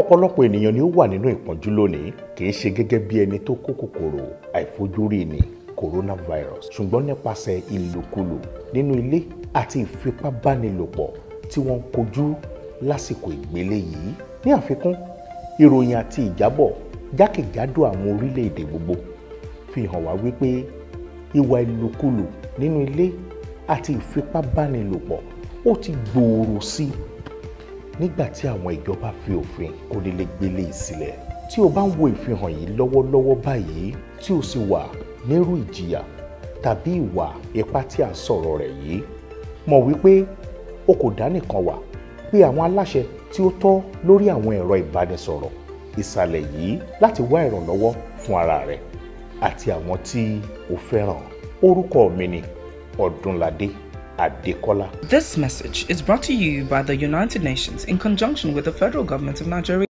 ọ̀pọ̀lọpọ̀ ènìyàn ni ó wà nínú ìpọ́njú lónìí kì í ṣe gẹ́gẹ́ bí ẹni tó kó kòkòrò àìfojúrí ni coronavirus ṣùgbọ́n nípasẹ̀ ìlòkulò nínú ilé àti ìfipábánilòpọ̀ tí wọ́n ń kojú lásìkò ìgbélé yìí ní àfikún ìròyìn àti ìjábọ̀ jákèjádò àwọn orílẹ̀-èdè gbogbo fi hàn wá wípé ìwà ìlòkulò nínú ilé àti ìfipábánilòpọ̀ ó ti gbòòrò sí i nígbà tí àwọn ìjọba fi òfin kónílégbélé sílẹ̀ tí o bá ń wo ìfihàn yìí lọ́wọ́lọ́wọ́ báyìí tí o sì wà nírú ìjìyà tàbí ìwà ipá tí a sọ̀rọ̀ rẹ̀ yìí mọ̀ wípé o kò dá nìkan wà pé àwọn aláṣẹ tí ó tọ́ lórí àwọn ẹ̀rọ ìbánisọ̀rọ̀ ìsàlẹ̀ yìí láti wá ìrànlọ́wọ́ fún ara rẹ̀ àti àwọn tí o fẹ́ràn orúkọ mi ni Ọdúnládé Adekola. This message is brought to you by the United Nations in conjunction with the federal government of Nigeria.